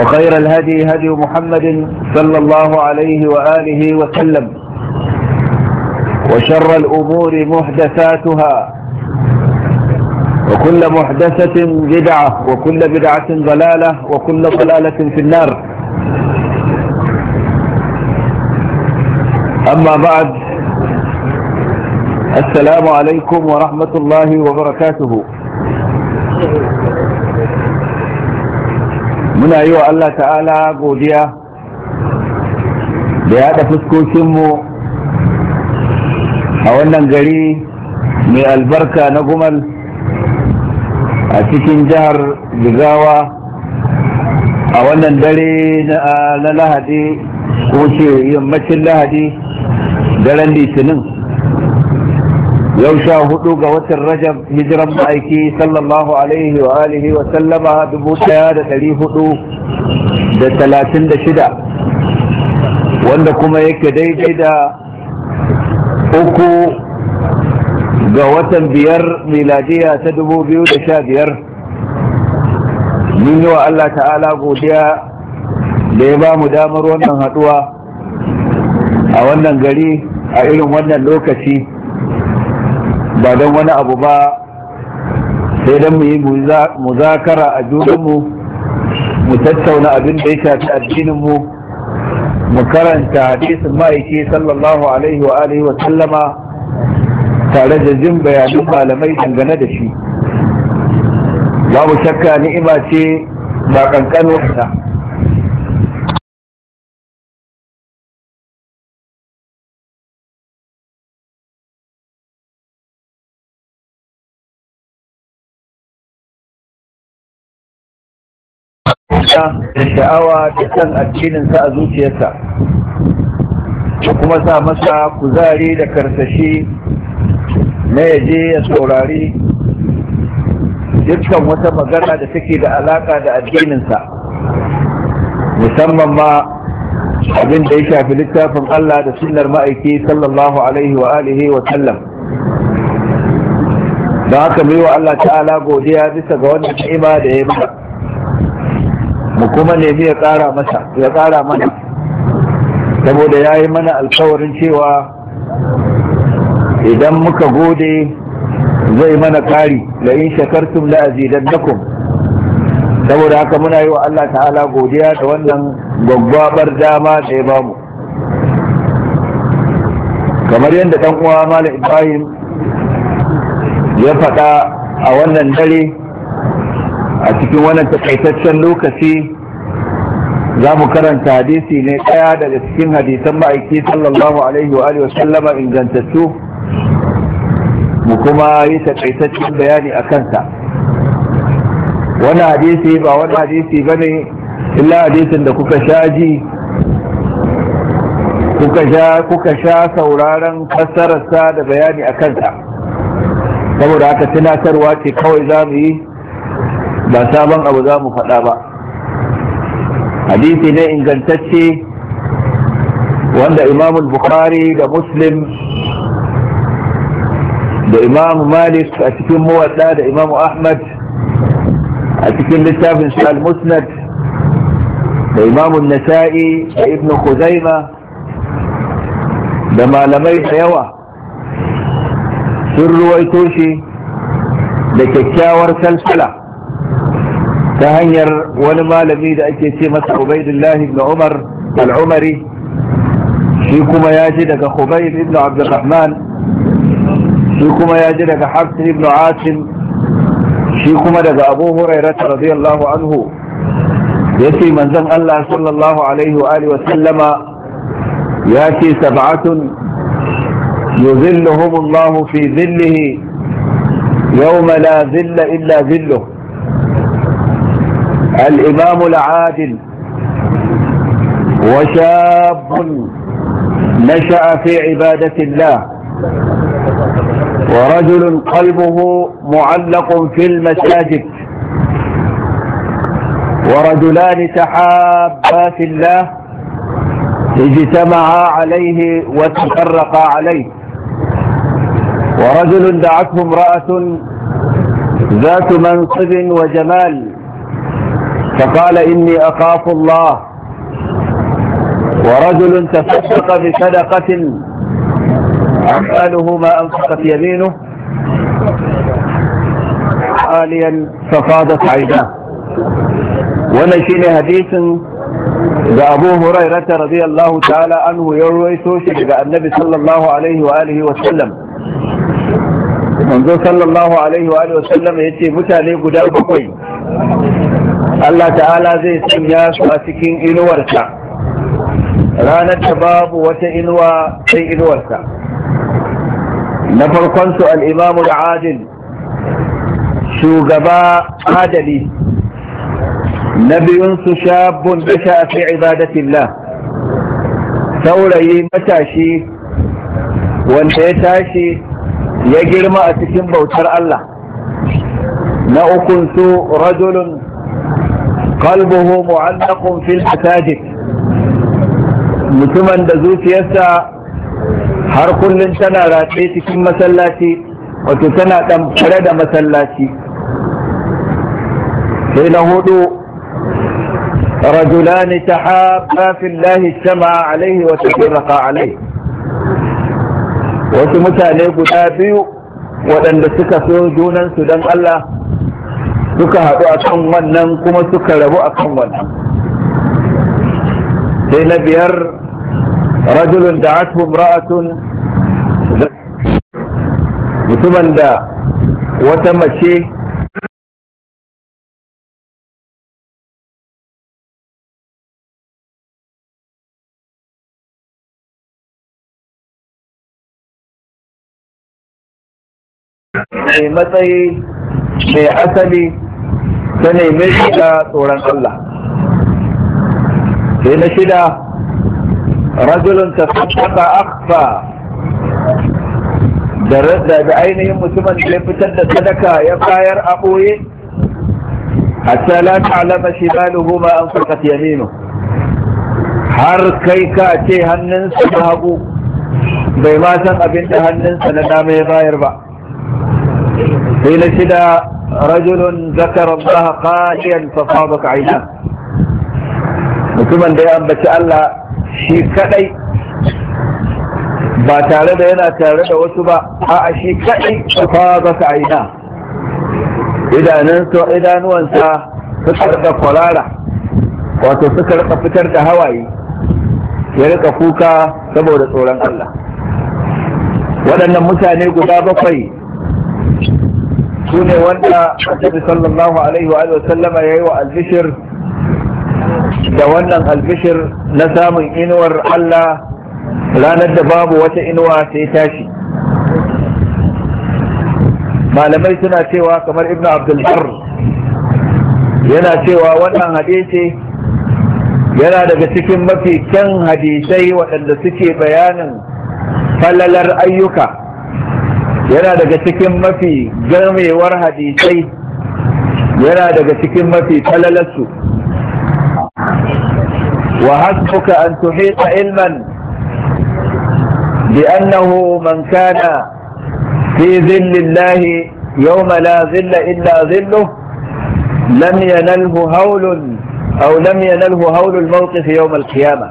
وخير الهدي هدي محمد صلى الله عليه وآله وسلم وشر الأمور محدثاتها وكل محدثة بدعة وكل بدعة ضلالة وكل ضلالة في النار أما بعد السلام عليكم ورحمة الله وبركاته muna yi wa Allah ta'ala godiya da ya haɗa fuskokinmu a wannan gari mai albarka na gumal a cikin jihar jigawa a wannan dare na lahadi ko ce yammacin lahadi daren litinin yau sha hudu ga watan rajab hijiran ma'aiki sallallahu alaihi wa alihi wa sallama dubu daya da dari hudu da talatin da shida wanda kuma yake daidai da uku ga watan biyar miladiya ta dubu biyu da sha biyar mun yi wa allah ta'ala godiya da ya ba mu damar wannan haduwa a wannan gari a irin wannan lokaci ba don wani abu ba sai don mu yi muzakara a junanmu mu tattauna abin da ya shafi addininmu mu karanta hadisin ma'aiki sallallahu alaihi wa alihi wa sallama tare da jin bayanin malamai dangane da shi babu shakka ni'ima ce ba kankano ta ƙauna da sha'awa da san addininsa a zuciyarsa da kuma sa masa kuzari da karsashi na yaje ya saurari dukkan wata magana da take da alaƙa da addininsa musamman ma abin da ya shafi littafin Allah da sunnar ma'aiki sallallahu alaihi wa alihi wa sallam Ba haka mai wa Allah ta'ala godiya bisa ga wannan ni'ima da ya mana mu kuma nemi ya kara masa ya ƙara mana saboda ya yi mana alkawarin cewa idan muka gode zai mana ƙari da in shakartum dan nakum saboda haka muna yi wa Allah ta'ala godiya da wannan gwaggwabar dama da ya bamu kamar yadda ɗan uwa malam ibrahim ya faɗa a wannan dare a cikin wannan takaitaccen lokaci za mu karanta hadisi ne ɗaya daga cikin hadisan ma'aiki sallallahu alaihi wa alihi sallama ingantattu mu kuma yi takaitaccen bayani a kanta. wannan hadisi ba wani hadisi ba ne illa hadisin da kuka sha ji kuka sha sauraron fassararsa da bayani a kanta, saboda haka tunatarwa ce kawai za mu yi ba sabon abu za mu faɗa ba hadisi ne ingantacce wanda imam bukhari da muslim da imam malik a cikin muwadda da imam ahmad a cikin littafin shi al-musnad da imam nasa'i da ibn khuzaima da malamai da yawa sun ruwaito shi da kyakkyawar salsala ta hanyar wani malami da ake ce masa Ubaidullah ibn Umar al-Umari shi kuma ya ji daga Khubayb ibn Abdurrahman shi kuma ya ji daga Hafs ibn Asim shi kuma daga Abu Hurairah radiyallahu anhu yace manzon Allah sallallahu alaihi wa alihi wa sallama yace sab'atun yuzilluhum Allah fi dhillihi yawma la dhilla illa dhilluhu الإمام العادل وشاب نشأ في عبادة الله ورجل قلبه معلق في المساجد ورجلان تحابا في الله اجتمعا عليه وتفرقا عليه ورجل دعته امرأة ذات منصب وجمال فقال إني أخاف الله ورجل تصدق بصدقة أمأله ما أنفقت يمينه آليا ففاضت عيناه ونشين حديث لأبو هريرة رضي الله تعالى عنه يروي سوشي النبي صلى الله عليه وآله وسلم منذ صلى الله عليه وآله وسلم يتي متى لي قدام بقوي Allah ta'ala zai sanya su a cikin inuwarsa ranar da babu wata inuwa sai inuwarsa na farkon su al'imamu da adil shugaba adali na biyunsu shabun da sha fi ibadatillah saurayi matashi wanda ya tashi ya girma a cikin bautar Allah na ukunsu rajulun qalbuhu mu'allaqun fil masajid mutumin da zuciyarsa har kullum tana ratse cikin masallaci wato tana ɗamfare da masallaci sai na hudu رجلان تحابا في الله اجتمعا عليه وتفرقا عليه wasu mutane guda biyu waɗanda suka so junansu dan Allah suka haɗu a kan wannan kuma suka rabu a kan wannan sai na biyar rajulun da atu ra'atun mutumin da wata mace mai matsayi mai asali ta nemi da tsoron Allah sai na shida rajulun ta sadaka akfa da da ainihin mutumin da ya fitar da sadaka ya bayar a ɓoye shi ba ta'lama goma ma anfaqat yaminu har kai ka ce hannunsa na hagu bai ma san abin da hannunsa na dama ya bayar ba sai na shida رجل ذكر الله قاشيا فصابك عيناه mutumin da ya ambaci Allah shi kadai ba tare da yana tare da wasu ba a shi kadai ta aina idanunsa idanuwansa suka rika kwalara wato suka rika fitar da hawaye ya rika kuka saboda tsoron Allah waɗannan mutane guda bakwai Sune wanda annabi sallallahu alaihi wa sallama ya wa albishir da wannan albishir na samun inuwar Allah ranar da babu wata inuwa sai tashi malamai suna cewa kamar ibn abdulbar yana cewa wannan hadisi yana daga cikin mafi kyan hadisai waɗanda suke bayanin falalar ayyuka yana daga cikin mafi garmewar hadisai yana daga cikin mafi falalarsu wa hasbuka an tuhita ilman bi annahu man kana fi zillillahi yawma la zilla illa zilluh lam yanalhu hawlun aw lam yanalhu hawlu al-mawqif yawm al-qiyamah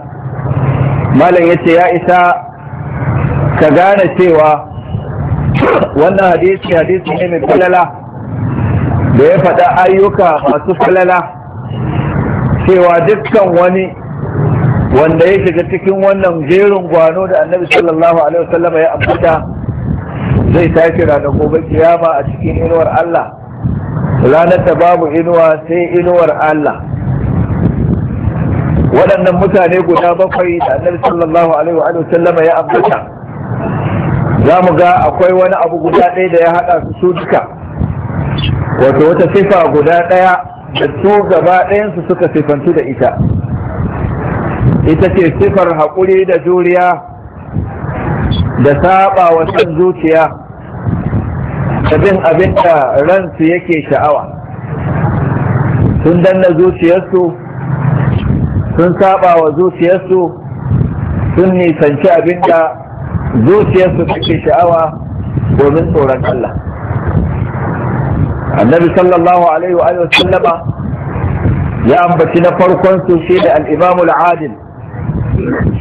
malan yace ya isa ka gane cewa wannan hadisi hadisi ne mai falala da ya faɗa ayyuka masu falala cewa dukkan wani wanda ya shiga cikin wannan jerin gwano da annabi sallallahu alaihi wasallama ya ambata zai tashi da gobe kiyama a cikin inuwar Allah ranar da babu inuwa sai inuwar Allah waɗannan mutane guda bakwai da annabi sallallahu alaihi wasallama ya ambata za mu ga akwai wani abu guda ɗaya da ya haɗa su su duka wato wata sifa guda ɗaya da su gaba ɗayansu suka sifantu da ita ita ce sifar haƙuri da juriya da saɓa wa san zuciya da bin abin da ransu yake sha'awa sun danna zuciyarsu sun saba wa zuciyarsu sun nisanci abin da zuciyarsu take sha'awa domin tsoron Allah annabi sallallahu alaihi wa sallama ya ambaci na farkon su shi da al adil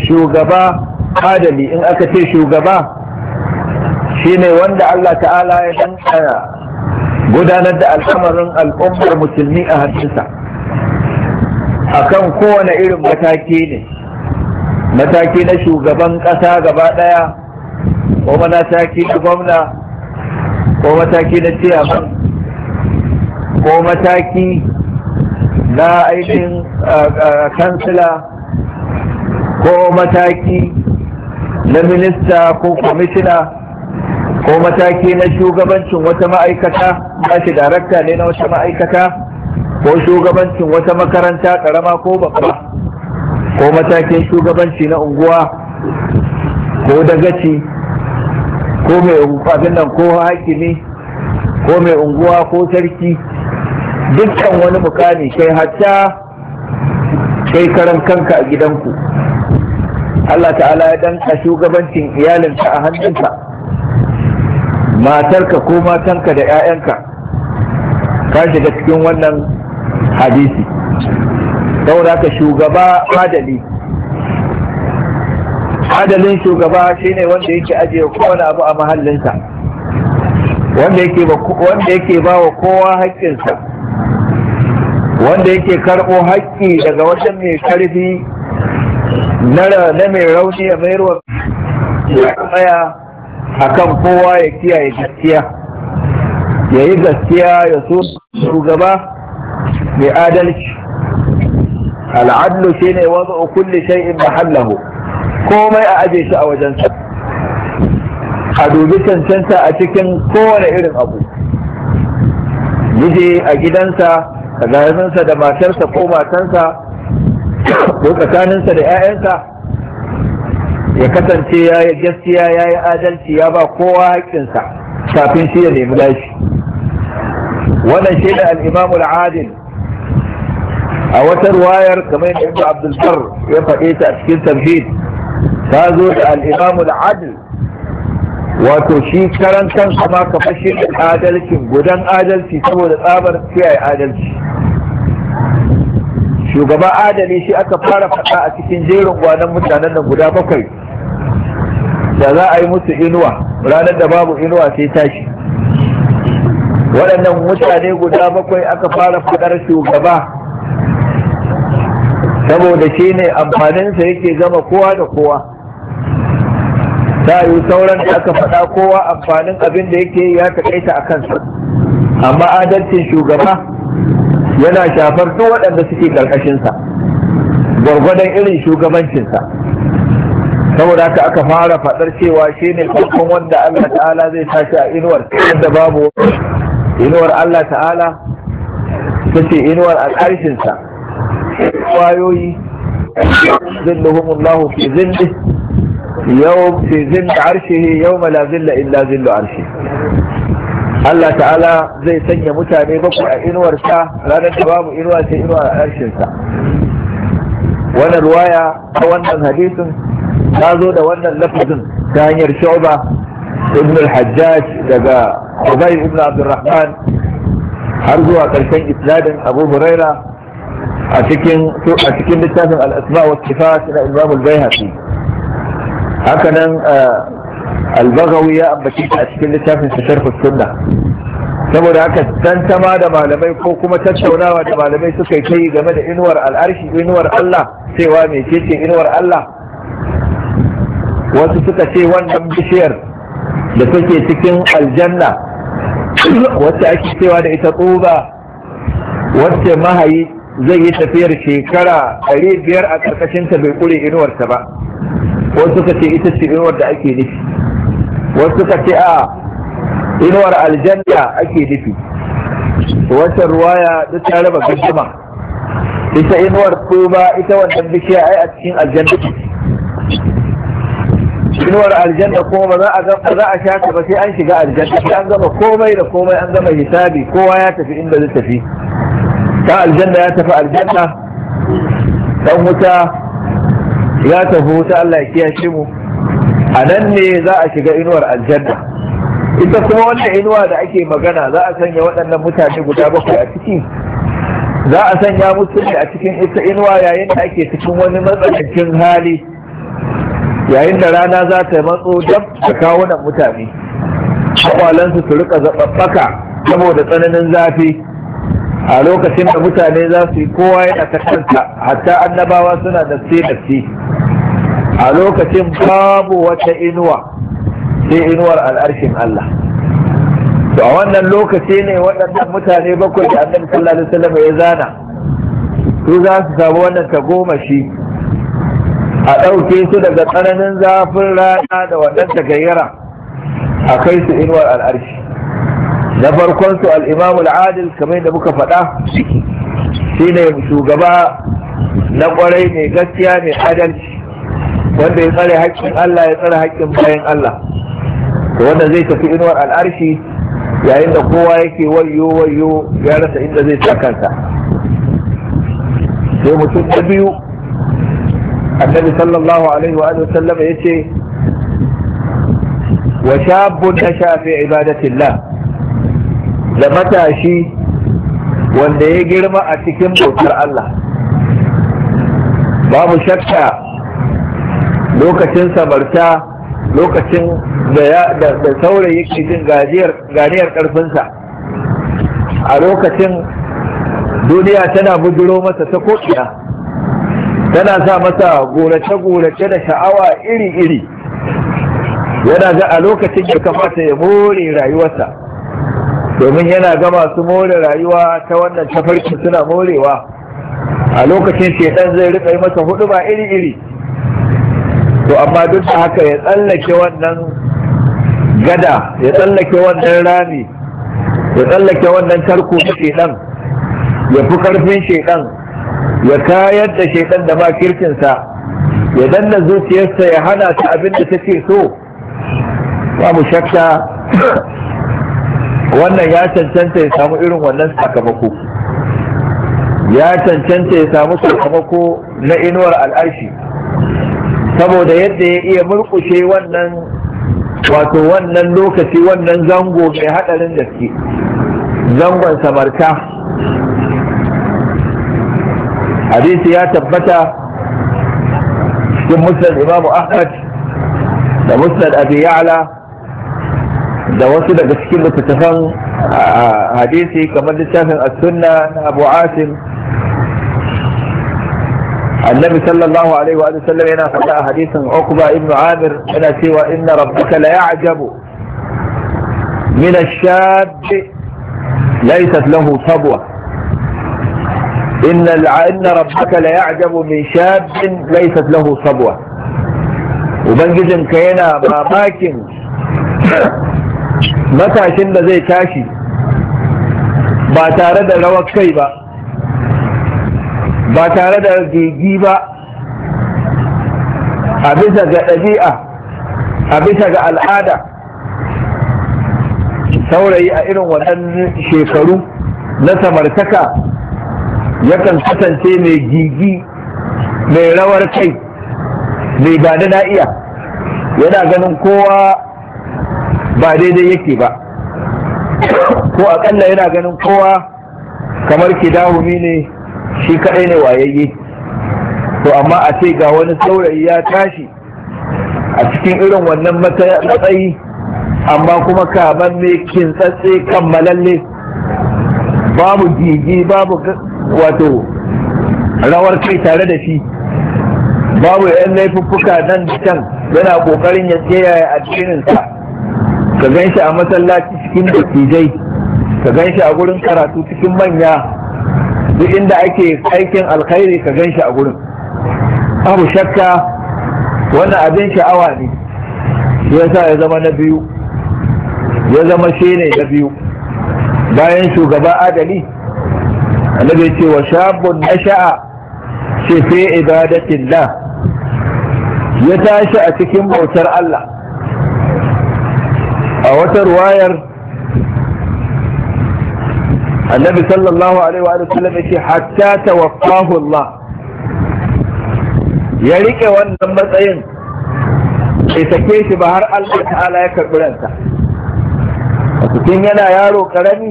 shugaba adali in aka ce shugaba shine wanda Allah ta'ala ya danka gudanar da al'amarin al'ummar musulmi a hannunsa akan kowane irin mataki ne mataki na shugaban ƙasa gaba ɗaya ko mataki na gwamna ko mataki na ciyaman ko mataki na ainihin kansila ko mataki na minista ko kwamishina ko mataki na shugabancin wata ma'aikata ba shi darakta ne na wata ma'aikata ko shugabancin wata makaranta karama ko babba ko matakin shugabanci na unguwa ko dagaci ko mai kafin nan ko hakimi ko mai unguwa ko sarki dukkan wani mukami kai hatta kai karan kanka a gidanku Allah ta'ala ya danka shugabancin iyalinka a hannunka matarka ko matanka da 'ya'yanka ka shiga cikin wannan hadisi saboda ka shugaba adali adalin shugaba shine wanda yake ajiye kowane abu a mahallinsa wanda yake wanda ba wa kowa haƙƙinsa wanda yake karɓo haƙƙi daga wajen mai karfi na mai rauni a ya mayarwa ya tsaya kan kowa ya kiyaye gaskiya ya yi gaskiya ya so shugaba mai adalci al'adlu shine wazo kulli shay'in mahallahu komai a aje shi a wajensa a dubi cancanta a cikin kowane irin abu yaje a gidansa a garinsa da matarsa ko matansa ko tsakaninsa da 'ya'yansa ya kasance ya yi gaskiya ya yi adalci ya ba kowa haƙƙinsa kafin shi ya nemi lashi wannan shi da al'imamu al'adil a wata ruwayar kamar yadda ibn abdulbar ya faɗe ta a cikin tamhid ta zo da al’imamul da adil wato shi karantan kuma ka fashe adalcin gudan adalci saboda tsabar kiyaye adalci shugaba adali shi aka fara faɗa a cikin jerin gwanon mutanen nan guda bakwai da za a yi musu inuwa ranar da babu inuwa sai tashi waɗannan mutane guda bakwai aka fara faɗar shugaba saboda shi ne amfaninsa yake zama kowa da kowa ta yi sauran da aka faɗa kowa amfanin abin da yake ya taƙaita a kansa amma adalcin shugaba yana shafar duk waɗanda suke ƙarƙashinsa gwargwadon irin shugabancinsa saboda haka aka fara faɗar cewa shi ne farkon wanda Allah ta'ala zai tashi a inuwar da babu inuwar Allah ta'ala ta ce inuwar al'arshinsa kwayoyi zilluhumullahu fi zindi yau fi zilla arshihi yau la zilla illa zillu arshi Allah ta'ala zai sanya mutane bakwai a inuwarsa ranar da babu inuwa sai inuwa a arshinsa wannan ruwaya a wannan hadisin ta zo da wannan lafazin ta hanyar shuba ibn al-hajjaj daga ubay ibn abdurrahman har zuwa karshen isnadin abu huraira a cikin a cikin littafin al-asma wa sifat na imam al-baihaqi Hakanan nan uh, albagawi ya ambaci a cikin littafin sa sharh sunna saboda haka tantama da malamai ko kuma tattaunawa da malamai suka yi kai game da inuwar al'arshi inuwar Allah cewa ce inuwar Allah wasu suka ce wannan bishiyar da take cikin aljanna wacce ake cewa da ita tsuba wacce mahayi zai yi tafiyar shekara ɗari biyar a ƙarƙashinta bai ƙure inuwarta ba wasu suka ce ita ce inuwar da ake nufi wasu suka ce a inuwar aljanna ake nufi wata ruwaya duk ta raba gajima ita inuwar tuba ita wannan bishiya ai a cikin aljanna inuwar aljanna kuma ba za a ga za a sha ba sai an shiga aljanna sai an gama komai da komai an gama hisabi kowa ya tafi inda zai tafi ta aljanna ya tafi aljanna dan wuta ya tafi wuta Allah ya kiyashe mu a nan ne za a shiga inuwar aljanna ita kuma wannan inuwa da ake magana za a sanya waɗannan mutane guda bakwai a ciki za a sanya musu ne a cikin ita inuwa yayin da ake cikin wani matsanancin hali yayin da rana za ta matso dab da kawunan mutane akwalansu su rika zaɓaɓɓaka saboda tsananin zafi a lokacin da mutane za su yi kowa yana ta kanta hatta annabawa suna da sai a lokacin babu wata inuwa sai inuwar al'arshin Allah to a wannan lokaci ne waɗannan mutane bakwai da annabi sallallahu alaihi wasallam ya zana su za su samu wannan tagomashi a ɗauke su daga tsananin zafin rana da waɗanda gayyara a kai su inuwar al'arshi na farkon su al-imam kamar da muka faɗa shine shugaba na kwarai mai gaskiya mai adalci wanda ya tsare haƙƙin Allah ya tsare haƙƙin bayan Allah to wanda zai tafi inuwar al'arshi yayin da kowa yake wayo wayo ya rasa inda zai sa kansa sai mutum na biyu annabi sallallahu alaihi wa sallam ya ce wa shabun nasha ibadatillah da matashi wanda ya girma a cikin bautar Allah babu shakka lokacin samarta lokacin da saurayi yake jin ganiyar ƙarfinsa, a lokacin duniya tana bujiro masa ta ko'ina tana sa masa gorace-gorace da sha'awa iri-iri yana ga a lokacin ya kamata ya more rayuwarsa domin yana ga masu more rayuwa ta wannan tafarki suna morewa a lokacin shedan zai rika yi masa hudu ba iri-iri to amma duk da haka ya tsallake wannan gada ya tsallake wannan rami ya tsallake wannan tarko na ya fi karfin shedan ya kayar da shedan da makircinsa ya danna zuciyarsa ya hana ta abin da take so Ba mu shakka wannan ya cancanta ya samu irin wannan sakamako ya cancanta ya samu sakamako na inuwar al'arshi saboda yadda ya iya murkushe wannan wato wannan lokaci wannan zango mai haɗarin gaske zangon samarta hadisi ya tabbata cikin musnad imamu ahmad da musnad abi ya'la da wasu daga cikin littattafan hadisi kamar littafin as-sunna na Abu Asim annabi sallallahu alaihi wa sallam yana faɗa a hadisin Uqba ibn Amir yana cewa inna rabbaka la ya'jabu min ash-shab laysat lahu sabwa إن إن ربك ليعجب من شاب ليست له صبوة وبنجزم كينا ماماكن matashin da zai tashi ba tare da rawar kai ba ba tare da gigi ba a bisa ga ɗabi'a a bisa ga al'ada saurayi a irin waɗannan shekaru na samartaka yakan kasance mai gigi mai rawar kai mai ba da na'iya yana ganin kowa ba daidai yake ba ko akalla yana ganin kowa kamar ki kidahumi ne shi kadai ne wayayye to amma a ce ga wani saurayi ya tashi a cikin irin wannan matsayi amma kuma kaman mai kintsatse kammalalle babu gigi babu wato rawar kai tare da shi babu yan laifuffuka nan da can yana kokarin ya tsaya a sa ka gan shi a masallaci cikin dattijai ka gan shi a gurin karatu cikin manya duk inda ake aikin alkhairi ka gan shi a gurin abu shakka wani abin sha'awa ne ya sa ya zama na biyu ya zama shi ne na biyu bayan shugaba adali annabi ce wa shabun sha'a shi fi ibadatillah ya tashi a cikin bautar Allah a wata ruwayar annabi sallallahu alaihi wa sallam yake hatta tawaffahu Allah ya rike wannan matsayin bai sake shi ba har Allah ta'ala ya karɓi ransa cikin yana yaro karami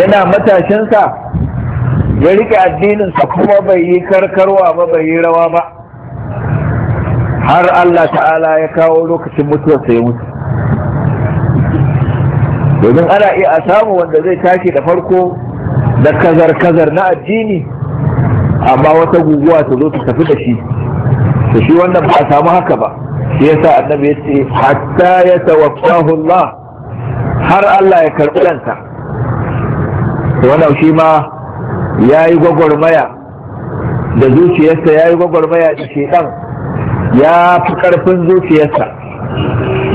yana matashinsa ya rike addininsa kuma bai yi karkarwa ba bai yi rawa ba har Allah ta'ala ya kawo lokacin mutuwarsa ya mutu domin ana iya a samu wanda zai tashi da farko da kazar-kazar na addini amma wata guguwa ta zo ta tafi da shi to shi wannan ba a samu haka ba shi yasa annabi ya ce hatta ya tawaffahu Allah har Allah ya karɓi ɗansa to wannan shi ma ya yi gwagwarmaya da zuciyarsa ya yi gwagwarmaya da shedan ya fi ƙarfin zuciyarsa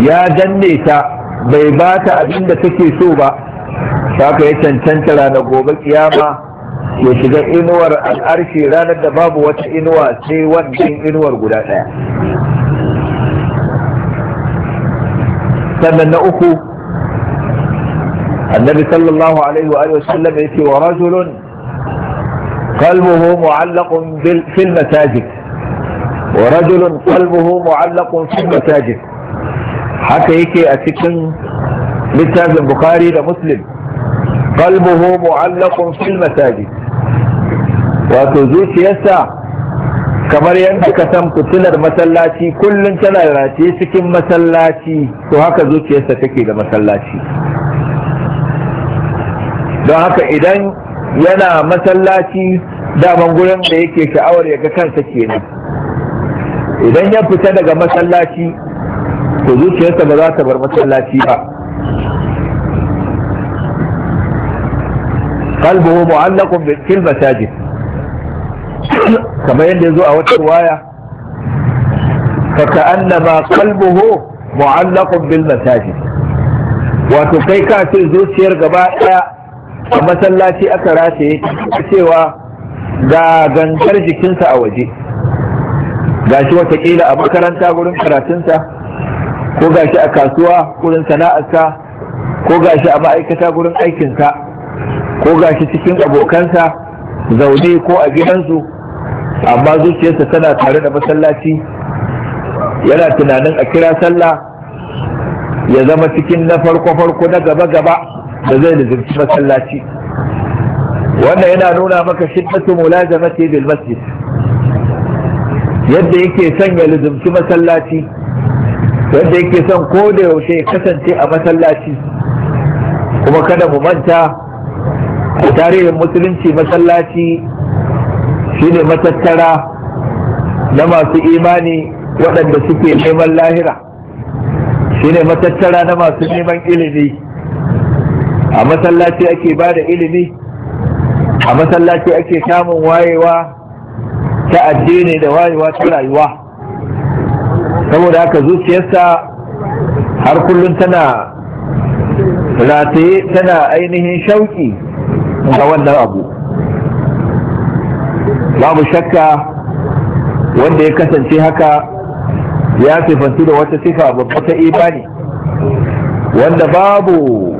ya danne ta bai ba ta abin da take so ba saka ya cancanta ranar gobe kiyama ya shiga inuwar al'arshi ranar da babu wata inuwa sai wannan inuwar guda ɗaya sannan na uku annabi sallallahu alaihi wa sallam ya ce wa rajulun qalbuhu mu'allaqun fil masajid ورجل قلبه معلق في المساجد haka yake a cikin littafin bukhari da muslim kalbuhu mu'allaqun fil masajid wato zuciyarsa kamar yadda ka san fitilar masallaci kullum tana race cikin masallaci to haka zuciyarsa take da masallaci don haka idan yana masallaci daman gurin da yake sha'awar ya ga kansa kenan idan ya fita daga masallaci to zuciyarsa ba za ta bar masallaci ba قلبه معلق في المساجد كما يندز أو الرواية فكأنما قلبه معلق بالمساجد wato kai ka ce zuciyar gaba ɗaya a masallaci aka rataye cewa ga gangar jikinsa a waje gashi watakila a makaranta gurin karatunsa ko gashi a kasuwa gurin sana'arsa ko gashi a ma'aikata gurin aikinsa ko gashi cikin abokansa zaune ko a gidansu amma zuciyarsa tana tare da masallaci yana tunanin a kira sallah ya zama cikin na farko-farko na gaba-gaba da zai nazarci masallaci wannan yana nuna maka shiddatu mulazamati bil masjid yadda yake sanya lizumci masallaci wanda yake son ko da yaushe ya kasance a masallaci kuma kada mu manta a tarihin musulunci masallaci shine matattara na masu imani waɗanda suke neman lahira shine matattara na masu neman ilimi a masallaci ake ba da ilimi a masallaci ake samun wayewa ta addini da wayewa ta rayuwa saboda haka zuciyarsa har kullum tana rataye tana ainihin shauki ga wannan abu babu shakka wanda ya kasance haka ya sifantu da wata sifa babba ta imani wanda babu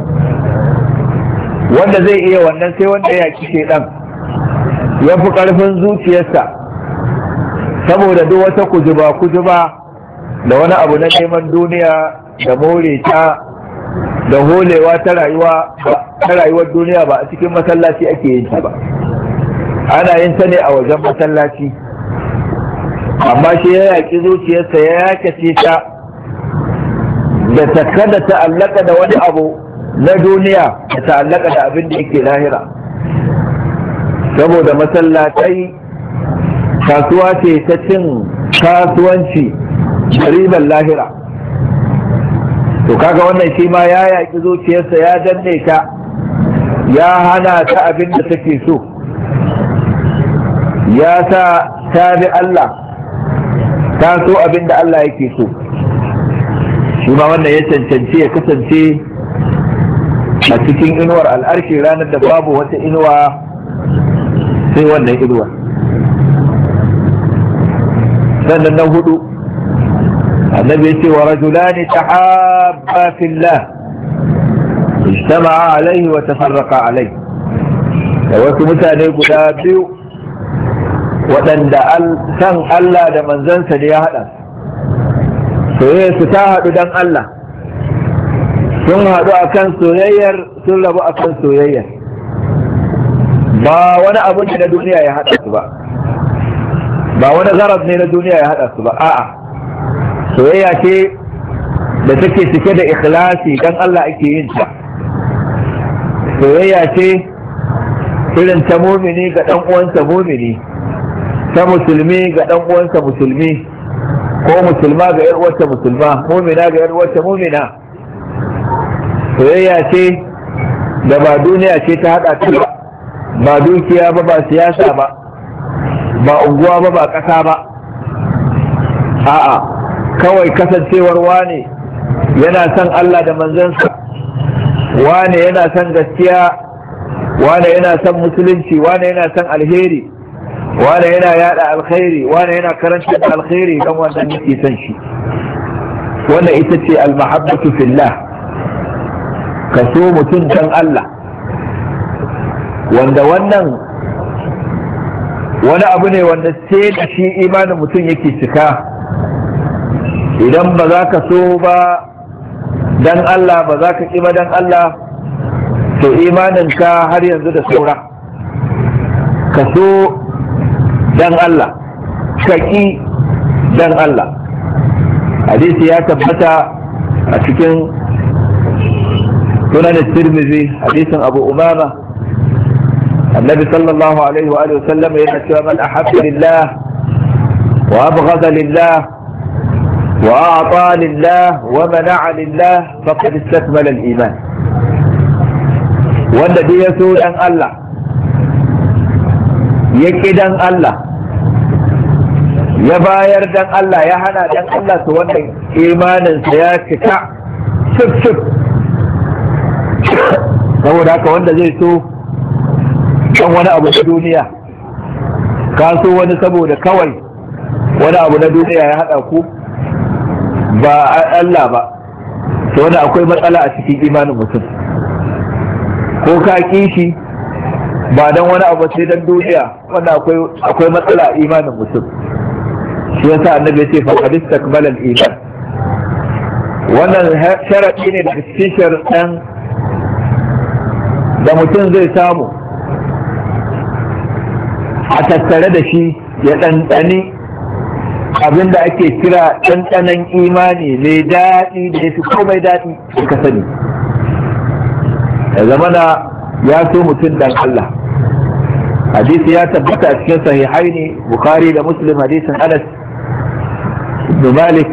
wanda zai iya wannan sai wanda ya kike dan ya fi ƙarfin zuciyarsa saboda duk wata kujuba kujuba da wani abu na neman duniya da more ta da holewa ta rayuwa ta rayuwar duniya ba a cikin masallaci ake yin ta ba ana yin ta ne a wajen masallaci amma shi ya yaƙi zuciyarsa ya ce ta da ta kada ta'allaka da wani abu na duniya da ta'allaka da abin da yake lahira saboda masallatai kasuwa ce ta cin kasuwanci riban lahira to kaga wannan shi ma ya yaƙi zuciyarsa ya danne ta ya hana ta abin da take so ya sa ta bi Allah ta so abin da Allah yake so shi ma wannan ya cancanci ya kasance a cikin inuwar al'arshi ranar da babu wata inuwa sai wannan inuwar sannan na hudu النبي يتي ورجلان تحابا في الله اجتمعا عليه وتفرقا عليه wasu mutane guda biyu waɗanda san Allah da manzansa ne ya haɗa soyayya ta haɗu dan Allah sun haɗu a kan soyayyar sun rabu a kan soyayyar ba wani abin da na duniya ya haɗa su ba ba wani ne na duniya ya haɗa su ba a'a soyayya ce da take cike da ikhlasi dan Allah ake yin ta soyayya ce irin ta mumini ga dan uwansa mumini ta musulmi ga dan uwansa musulmi ko musulma ga yar uwarta musulma mumina ga yar uwarta mumina soyayya ce da ba duniya ce ta hada ta ba ba dukiya ba ba siyasa ba ba unguwa ba ba kasa ba a'a kawai kasancewar wane yana son Allah da manzansa wane yana son gaskiya wane yana son musulunci wane yana son alheri wane yana yada alkhairi wane yana karanta alkhairi don wannan yake son shi wannan ita ce almahabbatu fillah ka so mutum dan Allah wanda wannan wani abu ne wanda sai da shi imanin mutum yake cika idan ba za ka so ba dan Allah ba za ka ƙi dan Allah to imaninka har yanzu da saura ka so dan Allah ka ƙi dan Allah hadisi ya tabbata a cikin sunan tirmizi hadisin abu umama النبي صلى الله عليه وآله وسلم يقول من أحب لله وأبغض لله وأعطى لله ومنع لله فقد استكمل الإيمان wanda duk ya dan Allah ya ƙi dan Allah ya bayar dan Allah ya hana dan Allah su wannan imaninsa ya cika cif cif saboda haka zai so kan wani abu na duniya ka wani saboda kawai wani abu na duniya ya haɗa ku ba Allah ba to wanda akwai matsala a cikin imanin mutum ko ka kishi ba dan wani abu sai dan duniya wanda akwai matsala a imanin mutum shi yasa annabi ya ce fa hadis takmal al-iman wannan sharadi ne da cikin sharadan da mutum zai samu a tattare da shi ya ɗanɗani abin da ake kira ɗanɗanon imani mai daɗi da ya fi komai daɗi da ka sani ya zamana ya so mutum dan Allah hadisi ya tabbata a cikin sahihai ne bukari da muslim hadisin anas ibn malik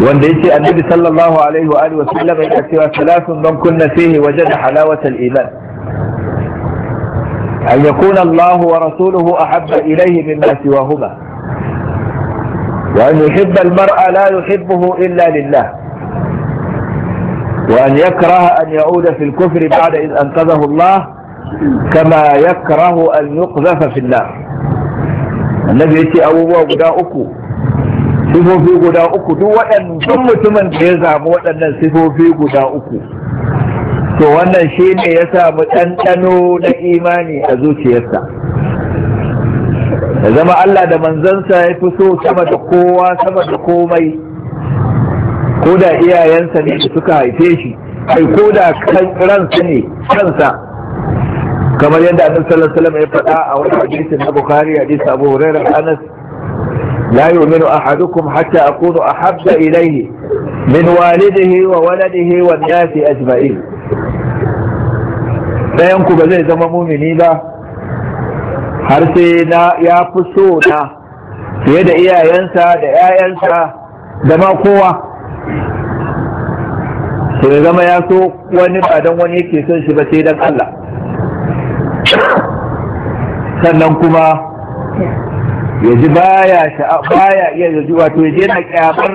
wanda yace annabi sallallahu alaihi wa alihi wa sallam yana cewa salasun man kunna fihi wajada halawatal iman أن يكون الله ورسوله أحب إليه مما سواهما وأن يحب المرء لا يحبه إلا لله وأن يكره أن يعود في الكفر بعد إذ أنقذه الله كما يكره أن يقذف في النار النبي يتي أبوه قداؤكو sifofi في uku دو وأن جمت من ya zamu سفو في guda uku to wannan shi ne ya samu ɗanɗano na imani a zuciyarsa ya zama Allah da manzansa ya fi so sama da kowa sama da komai ko da iyayensa ne da suka haife shi kai ko da ransa ne kansa kamar yadda annabi sallallahu alaihi ya faɗa a wani hadisin na bukhari hadisi abu hurairah anas لا يؤمن أحدكم حتى أكون أحب إليه من والده وولده والناس أجمعين ɗayan ku ba zai zama mumini ba har sai na ya fi so na fiye da iyayensa da 'ya'yansa da ma kowa Sai ya zama ya so wani ba don wani yake son shi ba sai don Allah sannan kuma ya ji baya baya iya ji wato ya je na kyamar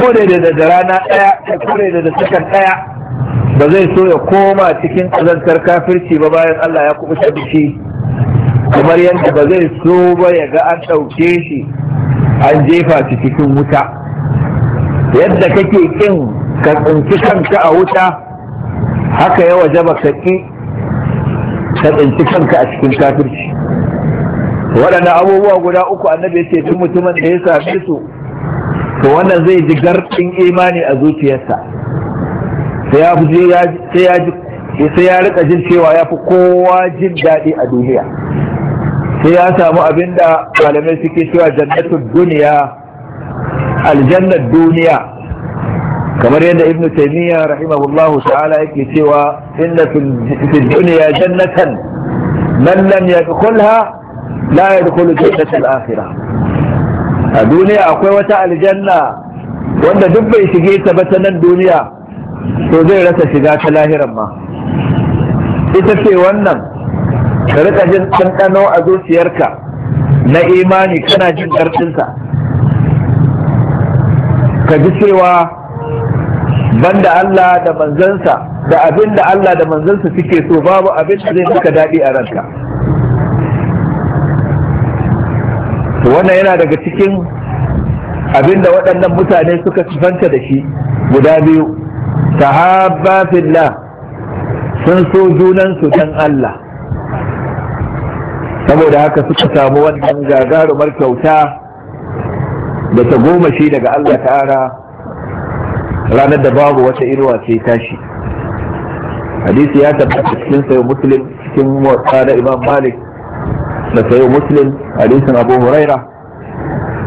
kore da da rana ɗaya da kore da da sakan ɗaya ba zai so ya koma cikin azantar kafirci ba bayan Allah ya kubuta da shi kamar yadda ba zai so ba ya ga an ɗauke shi an jefa shi cikin wuta yadda kake kin ka tsinci kanka a wuta haka ya waje ka ƙi ka tsinci kanka a cikin kafirci waɗannan abubuwa guda uku annabi ya ce duk mutumin da ya same su to wannan zai ji garɗin imani a zuciyarsa sai ya fi sai ya ji sai ya rika jin cewa ya fi kowa jin daɗi a duniya sai ya samu abin da malamai suke cewa jannatin duniya aljannar duniya kamar yadda ibnu taymiya rahimahullahu ta'ala yake cewa inna fil dunya jannatan man lam yadkhulha la yadkhulu jannatul akhirah a duniya akwai wata aljanna wanda duk bai shige ta ba ta nan duniya to zai rasa shiga ta lahiran ma ita ce wannan ka rika jin ɗanɗano a zuciyarka na imani kana jin ƙarfinsa ka ji cewa banda Allah da manzansa da abin da Allah da manzansa suke so babu abin da zai suka daɗi a ranka wannan yana daga cikin abin da waɗannan mutane suka sifanta da shi guda biyu tahabba fillah sun so junansu dan Allah saboda haka suka samu wannan gagarumar kyauta da ta goma shi daga Allah ta'ala ranar da babu wata irwa sai tashi hadisi ya tabbata cikin sayo muslim cikin motsa da imam malik da sayo muslim hadisin abu huraira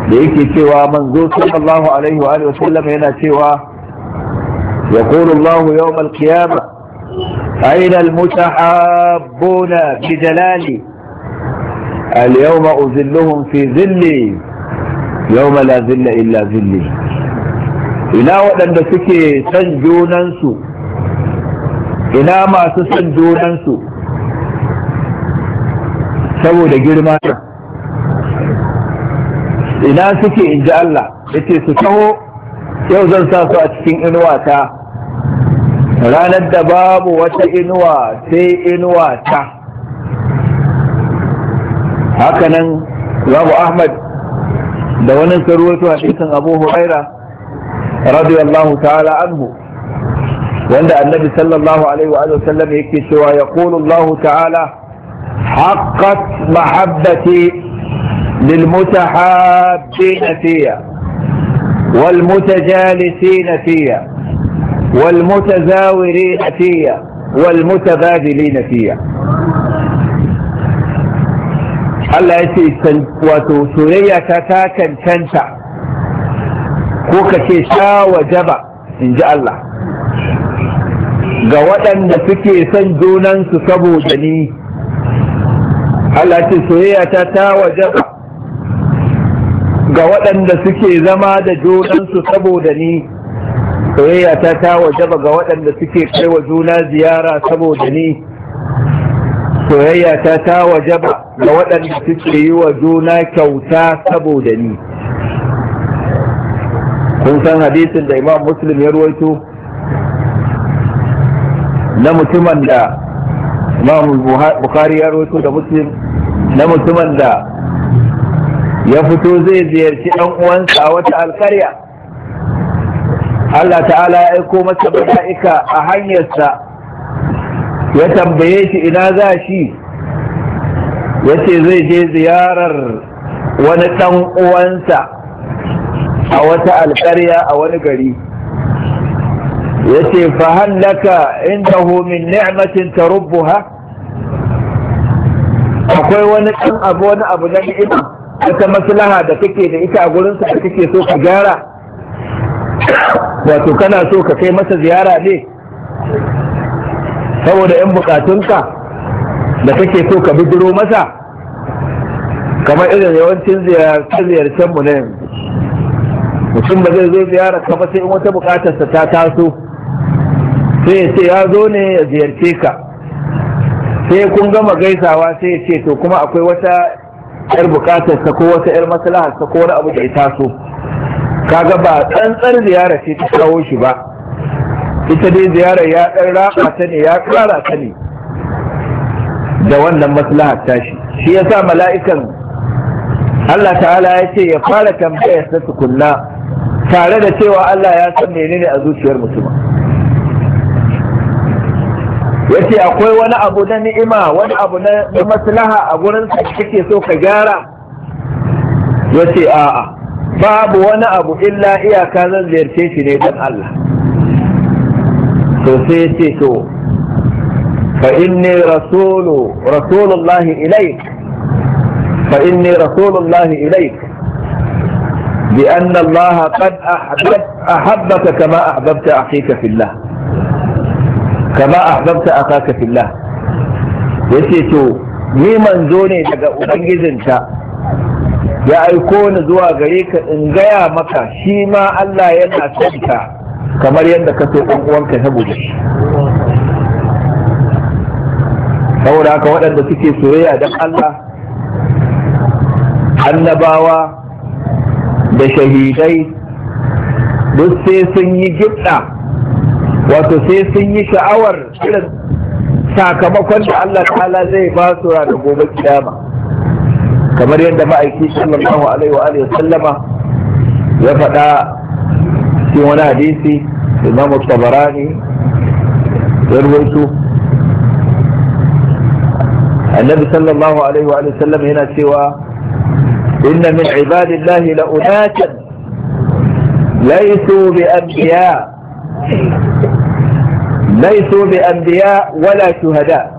da yake cewa manzo sallallahu alaihi wa alihi sallam yana cewa يقول الله يوم القيامة أين المتحابون بجلالي اليوم أذلهم في ذلي يوم لا ذل إلا ذلي إلا وأن سنجو سنجوننسو إلا ما سنجوننسو سووا ما إلا سكي إن جاء الله إتي ستهو yau zan sa su a cikin inuwa ta ranar da babu wata inuwa sai inuwa ta hakanan babu ahmad da wani sarwato hadisin abu huraira radiyallahu ta'ala anhu wanda annabi sallallahu alaihi wa sallam yake cewa yaqulu Allah ta'ala haqqat mahabbati lil mutahabbina fiya والمتجالسين فيها والمتزاورين فيها والمتبادلين فيها Allah ya ce wato soyayya ta ta cancanta ko ka ce shawajaba in ji Allah ga waɗanda suke son junansu saboda ni Allah ce soyayya ta ta wajaba ga waɗanda suke zama da junansu saboda ni soyayya ta ta wajaba ga waɗanda suke kai wa juna ziyara saboda ni soyayya ta ta wajaba ga waɗanda suke yi wa juna kyauta saboda ni kun san hadisin da imam muslim ya ruwaito na mutumin da imam bukari ya ruwaito da muslim na mutumin da ya fito zai ziyarci ɗan uwansa a wata alkarya Allah ta'ala ya aiko masa mala'ika a hanyarsa ya tambaye shi ina za shi ya ce zai je ziyarar wani ɗan uwansa a wata alkarya a wani gari ya ce fahallaka indahu min ni'matin ha akwai wani ɗan abu wani abu na ni'ima wata maslaha da kake da ita a gurinsa da kake so ka gyara wato kana so ka kai masa ziyara ne saboda 'yan bukatunka da kake so ka bidiro masa kamar irin yawancin ziyarce-ziyarcen mu ne? mutum ba zai zo ziyara ka ba sai in wata bukatarsa ta taso sai ya ce ya zo ne ya ziyarce ka sai kun gama gaisawa sai ya ce to kuma akwai wata yar ta ko wata yar maslaharsa ta wani abu da ya Ka kaga ba tsantsar ziyara ce ta kawo shi ba ita dai ziyara ya dan raka ta ne ya kara ta ne da wannan maslahar tashi shi yasa mala'ikan Allah ta'ala ya ce ya fara tambayar sa tukunna tare da cewa Allah ya san menene a zuciyar mutum yace akwai wani abu na ni'ima wani abu na maslaha a gurin sa kake so ka gyara yace a'a babu wani abu illa iyaka zan ziyarce shi ne dan Allah to sai yace to fa inni rasulu rasulullahi ilayk fa inni rasulullahi ilayk bi anna قد qad ahabbaka kama أخيك akhika fillah kama kaka filla. Ya yace to ni manzo ne daga ta ya aiko ni zuwa gare ka in gaya maka shi ma Allah yana son ka kamar yadda ka so ɗan uwanka saboda shi saboda haka waɗanda suke soyayya don Allah annabawa da shahidai duk sai sun yi gidda wato sai sun yi sha'awar irin sakamakon da Allah ta'ala zai ba su ranar gobe kiyama kamar yadda ma'aiki sallallahu alaihi wa alihi sallama ya faɗa cikin wani hadisi imam tabarani ya ruwaito annabi sallallahu alaihi wa alihi sallama yana cewa inna min ibadillahi la unatan laysu bi ليسوا بأنبياء ولا شهداء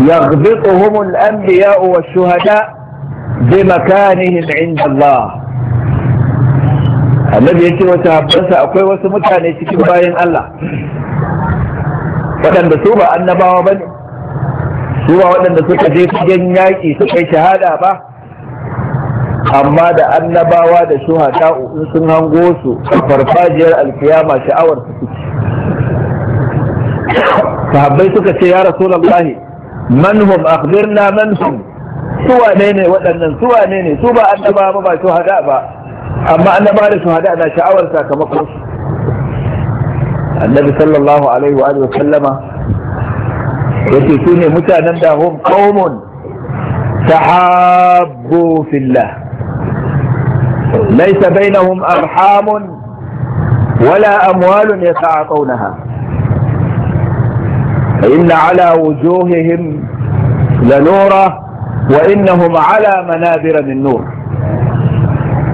يغبطهم الأنبياء والشهداء بمكانهم عند الله الذي يجي وتهبسه أقوي وسمتها نيتكم باين الله waɗanda su ba annabawa ba ne su ba waɗanda suka je fagen yaƙi su kai shahada ba amma da annabawa da shuhada in sun hango su a farfajiyar alkiyama sha'awar su sahabbai suka ce ya rasulullahi man hum akhbirna man hum su wane ne waɗannan su wane ne su ba annaba ba ba shuhada ba amma annaba da shuhada na sha'awar sakamakon su annabi sallallahu alaihi wa sallama yace su ne mutanen da hum qaumun tahabbu fillah laysa bainahum arhamun wala amwalun yata'aqawnaha وإن على وجوههم لنورا وإنهم على منابر من نور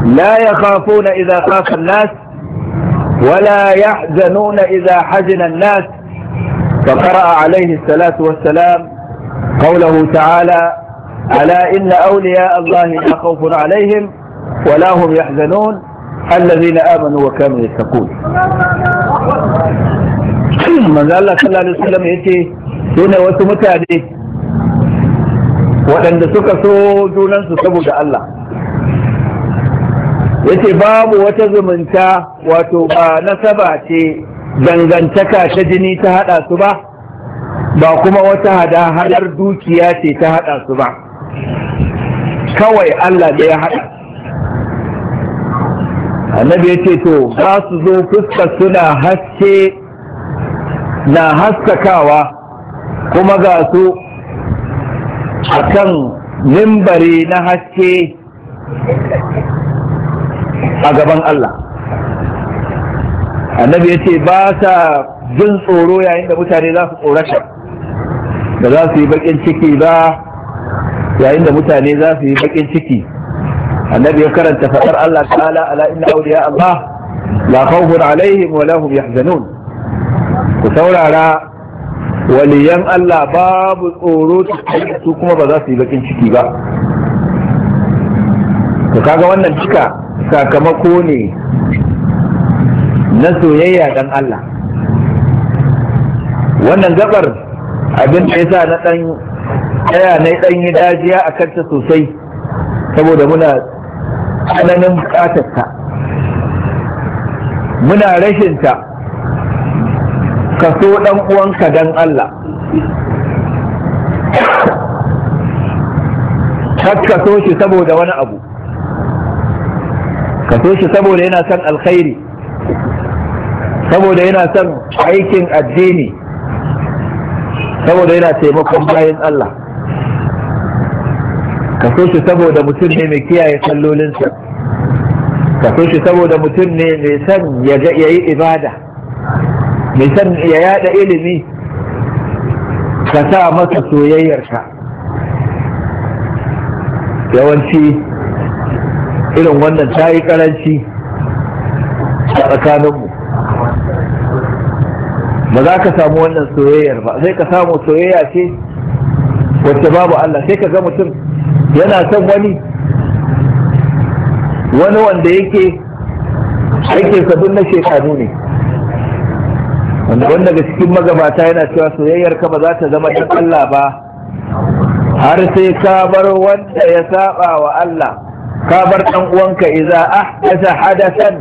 لا يخافون إذا خاف الناس ولا يحزنون إذا حزن الناس فقرأ عليه الصلاة والسلام قوله تعالى ألا إن أولياء الله لا خوف عليهم ولا هم يحزنون الذين آمنوا وكانوا يتقون manzo Allah sallallahu alaihi wasallam yace sune wasu mutane waɗanda suka so junansu saboda Allah yace babu wata zumunta wato ba nasaba ce dangantaka ta jini ta haɗa su ba ba kuma wata hada hadar dukiya ce ta haɗa su ba kawai Allah da ya haɗa annabi yace to za su zo fuska suna haske na haskakawa kuma ga su a kan mimbari na haske a gaban Allah annabi ya ce ba sa jin tsoro yayin da mutane za su tsorata da za su yi bakin ciki ba yayin da mutane za su yi bakin ciki annabi ya karanta faɗar Allah ta'ala ala inna awliya Allah la khawfun alaihim wa lahum yahzanun ku saurara waliyan Allah babu tsoro su kuma ba za su yi bakin ciki ba ka kaga wannan cika sakamako ne na soyayya dan Allah wannan gabar abin da ya sa na dan tsaya na dan yi dajiya a kanta sosai saboda muna tsananin bukatarta muna rashinta ka so dan uwanka dan Allah ka so shi saboda wani abu ka so shi saboda yana son alkhairi saboda yana son aikin addini saboda yana taimakon bayan Allah ka so shi saboda mutum ne mai kiyaye sallolinsa ka so shi saboda mutum ne mai son ya yi ibada mai san ya yada ilimi ka sa masa ka. yawanci irin wannan ta yi karanci a tsakaninmu ba za ka samu wannan soyayyar ba sai ka samu soyayya ce wacce babu Allah sai ka ga mutum yana son wani wani wanda yake aikinsa duk na shekaru ne wanda wanda daga cikin magabata yana cewa soyayyar ka ba za ta zama ɗan Allah ba har sai ka bar wanda ya saba wa Allah ka bar ɗan uwanka idza ahdatha hadathan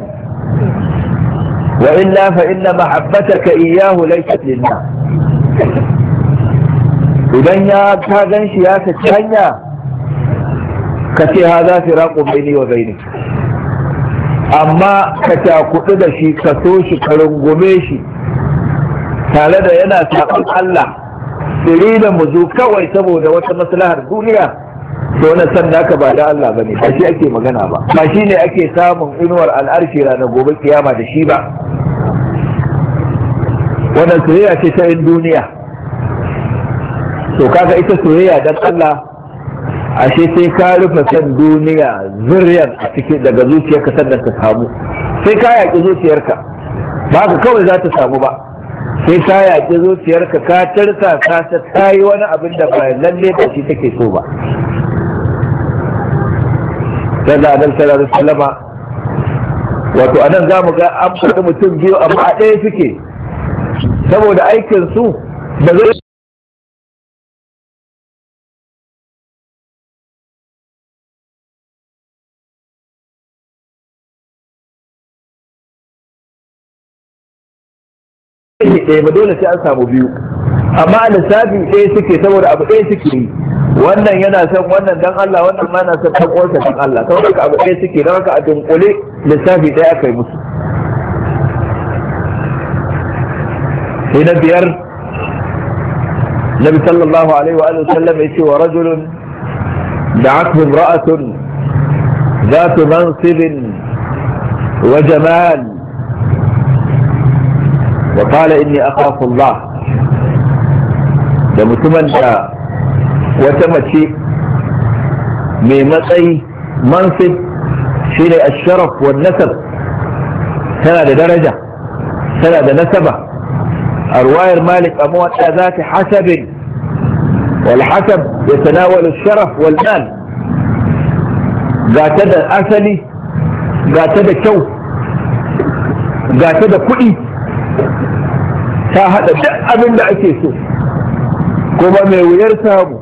wa illa fa inna mahabbataka iyyahu laysat lillah idan ya ka gan shi ya ta hanya ka ce ha za raƙo baini wa baini amma ka takuɗu da shi ka so shi ka rungume shi tare da yana saƙon Allah tsiri da zo kawai saboda wata maslahar duniya to wannan san naka ba da Allah bane ba shi ake magana ba ba shi ne ake samun inuwar al'arshi ranar gobe kiyama da shi ba wannan soyayya ce ta yin duniya to kaga ita soyayya dan Allah ashe sai ka rufe san duniya zuriyar a cikin daga zuciyarka sannan ka samu sai ka yaƙi zuciyarka ba ka kawai za ta samu ba sai ka yaƙi zuciyarka ka tarsa ka ta yi wani abin da ba lalle da shi take so ba sai da annabi sallallahu alaihi wasallama wato anan za mu ga an mutum biyu amma a ɗaya suke saboda aikin su ba zai yi ɗaya ba dole sai an samu biyu amma a lissafi ɗaya suke saboda abu ɗaya suke yi wannan yana son wannan dan Allah wannan ma na son dan uwarsa dan Allah saboda ka abu ɗaya suke don ka a dunkule lissafi ɗaya aka yi musu sai na biyar nabi sallallahu alaihi wa sallam ya ce wa rajulun da'at imra'atun ذات منصب وجمال wa qala inni akhafu Allah da mutumin da wata mace mai matsayi mansi shine asharaf wa nasab tana da daraja tana da nasaba a ruwayar malik a mawaɗa za ta hasabin والحسب يتناول الشرف والمال gata da asali gata da kyau da kuɗi ta haɗa duk abin da ake so kuma mai wuyar samu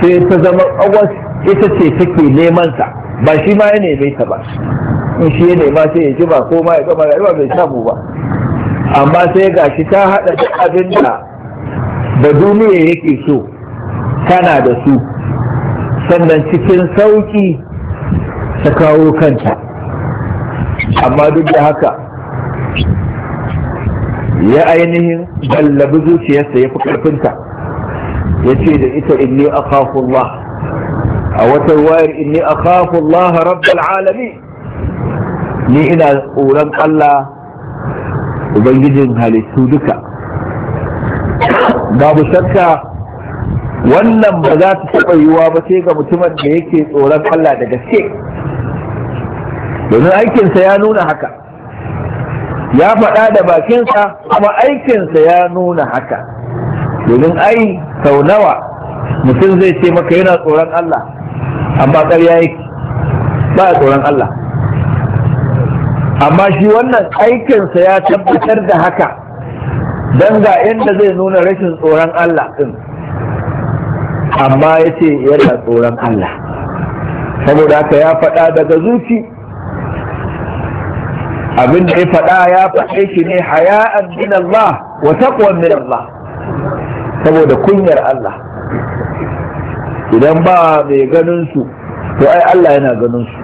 sai ta zama awas ita ce take neman ta ba shi ma ya neme ta ba in shi ya nema sai ya ji ba ko ma ya gama rayuwa bai samu ba amma sai gashi ta haɗa duk abin da da duniya yake so tana da su sannan cikin sauƙi ta kawo kanta amma duk da haka ya ainihin gallabi zuciyarsa ya fi karfinta ya ce da ita inni a kafullah a wata wayar inni a kafullah rabbal alami ni ina tsoron Allah ubangijin halittu duka babu shakka wannan ba za ta taɓa yiwuwa ba sai ga mutumin da yake tsoron Allah da gaske domin aikinsa ya nuna haka ya faɗa da bakinsa kuma aikinsa ya nuna haka domin ai sau nawa mutum zai ce maka yana tsoron Allah amma ƙarya yake ba tsoron Allah amma shi wannan aikinsa ya tabbatar da haka don ga inda zai nuna rashin tsoron Allah ɗin amma ya ce yana tsoron Allah saboda haka ya faɗa daga zuci abin da ya faɗa ya faɗe shi ne haya'an min Allah wa taqwan min Allah saboda kunyar Allah idan ba mai ganin su to ai Allah yana ganin su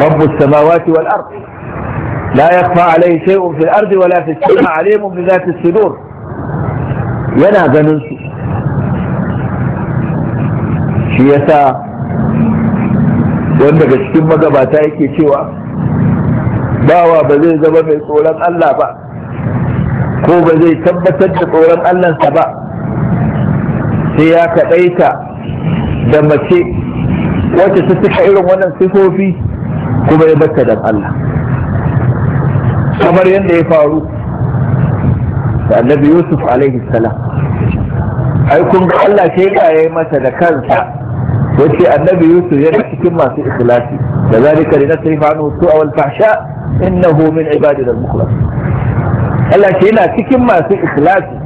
rabbus samawati wal ard la yakhfa alayhi shay'un fil ard wa la fis sama' alayhim bi dhati sudur yana ganin su shi yasa wanda daga cikin magabata yake cewa bawa ba zai zama mai tsoron Allah ba ko ba zai tabbatar da tsoron Allahnsa ba sai ya kaɗaita da mace wacce ta suka irin wannan sifofi kuma ya bata da Allah kamar yadda ya faru da annabi Yusuf alaihi salam ai kun ga Allah sai ya yi masa da kansa wace annabi Yusuf yana cikin masu ikhlasi كذلك لنصرف عنه السوء والفحشاء إنه من عبادنا المخلص Allah shi yana cikin masu ikhlasi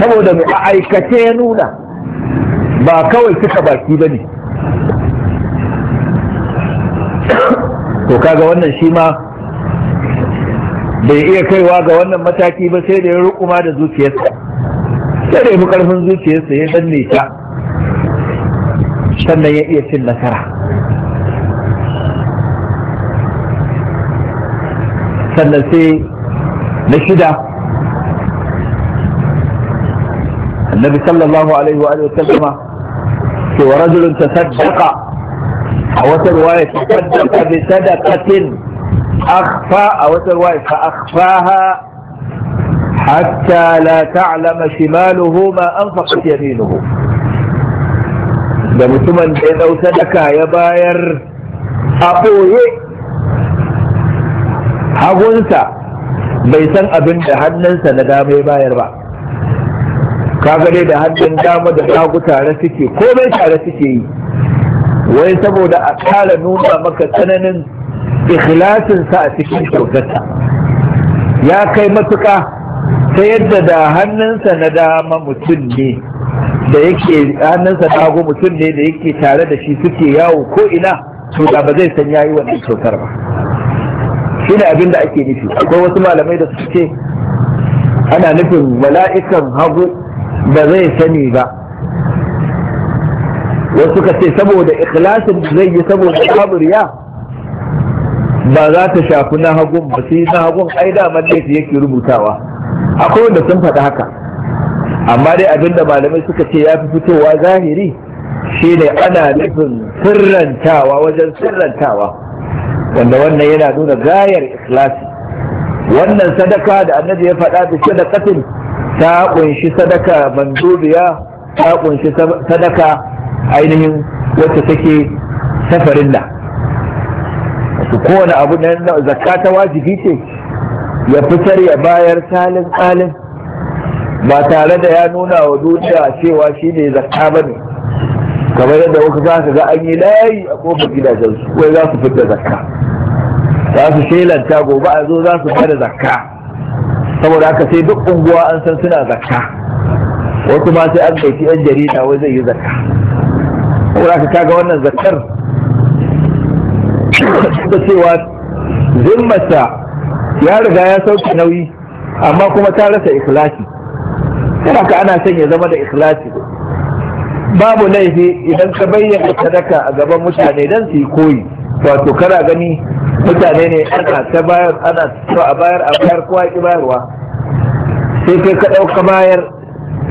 saboda mai aikace ya nuna ba kawai suka baki ba ne bai iya kaiwa ga wannan mataki ba sai da ya rukuma da zuciyarsa sai da ya fi karfin zuciyarsa ya danne ta sannan ya iya cin nasara sannan sai na shida annabi sallallahu alaihi wa sallama ce wa rajulun tasaddaqa a wata ruwaya tasaddaqa bi sadaqatin akhfa a wata ruwaya fa akhfaha hatta la ta'lama shimaluhu ma anfaqat yaminuhu da mutumin da ya dau sadaka ya bayar a ɓoye hagunsa bai san abin da hannunsa na dama ya bayar ba kaga dai da hannun dama da hagu tare suke komai tare suke yi wai saboda a kara nuna maka tsananin ikhlasinsa a cikin kyautarsa ya kai matuka ta yadda da hannunsa na dama mutum ne da yake hannunsa na hagu mutum ne da yake tare da shi suke yawo ko ina to da ba zai san yayi wannan kyautar ba shi ne abin da ake nufi akwai wasu malamai da suke ana nufin mala'ikan hagu ba zai sani ba wasu ka ce saboda ikhlasin da zai yi saboda kaburiya ba za ta shafi na hagun ba sai na hagun ai daman laifi yake rubutawa akwai wanda sun faɗi haka amma dai abin da malamai suka ce ya fi fitowa zahiri shine ana nufin sirrantawa wajen sirrantawa wanda wannan yana nuna gayar ikhlasi wannan sadaka da annabi ya faɗa da katin ta kunshi sadaka mandubiya ta kunshi sadaka ainihin wacce take safarin da su kowane abu na zakka ta wajibi ce ya fitar ya bayar salin salin ba tare da ya nuna wa duniya cewa shi ne zakka ba ne kamar yadda kuka za ka ga an yi layi a kofar gidajen su, wai za su fitar zakka za su shelanta gobe a zo za su bada zakka saboda haka sai duk unguwa an san suna zakka wasu ma sai an gaiti yan jarida wai zai yi zakka saboda haka kaga wannan zakkar da cewa zimmarsa ya riga ya sauke nauyi amma kuma ta rasa ikhlasi kuma ka ana son ya zama da ikhlasi babu laifi idan ka bayyana sadaka a gaban mutane dan su yi koyi wato kana gani mutane ne ana ta bayar ana so a bayar a bayar kowa ki bayarwa sai kai ka ɗauka bayar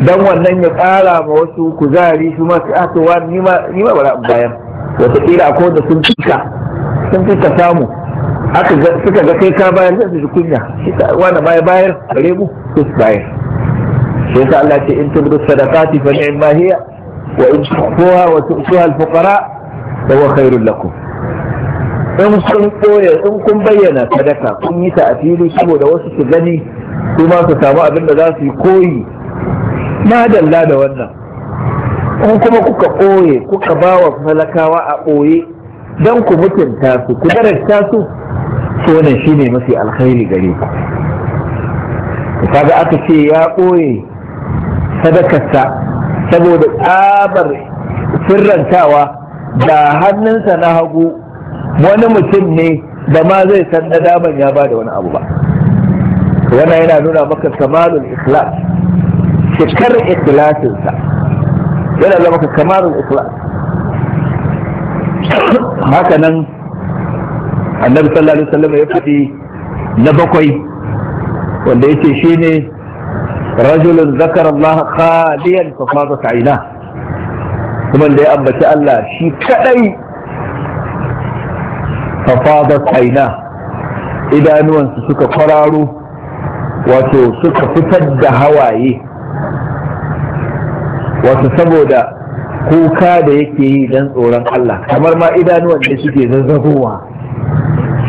dan wannan ya ƙara ma wasu kuzari su ma su atowa ah, ni ma ba in bayar wataƙila a kowanne sun fika sun fika samu aka suka ga kai ka bayar zai su kunya wani ma ya bayar bare mu su bayar sai sa Allah ce in tubu sadaqati fa ni'ma hiya wa in tukhfuha wa tu'tuha al-fuqara fa huwa khairul lakum in kun koya in kun bayyana sadaka kun yi ta a saboda wasu su gani su ma su samu abin da za su yi koyi na dalla da wannan in kuma kuka koye kuka ba wa falakawa a ɓoye don ku mutunta su ku darasta su ne shi shine mafi alkhairi gare ku kaga aka ce ya ɓoye sadakarsa saboda tsabar sirrantawa da hannunsa na hagu wani mutum ne da ma zai san daman ya ba da wani abu ba wannan yana nuna maka kamalul ikhlas cikar ikhlasinsa yana zama maka kamalul ikhlas haka nan annabi sallallahu alaihi wasallam ya fadi na bakwai wanda yake shine rajulun zakara Allah khaliyan fa fadat aina kuma da ya ambaci Allah shi kadai fafadat aina idanuwansu suka kwararo wato suka fitar da hawaye wato saboda kuka da yake yi don tsoron Allah kamar ma idanuwan da suke zazzagowa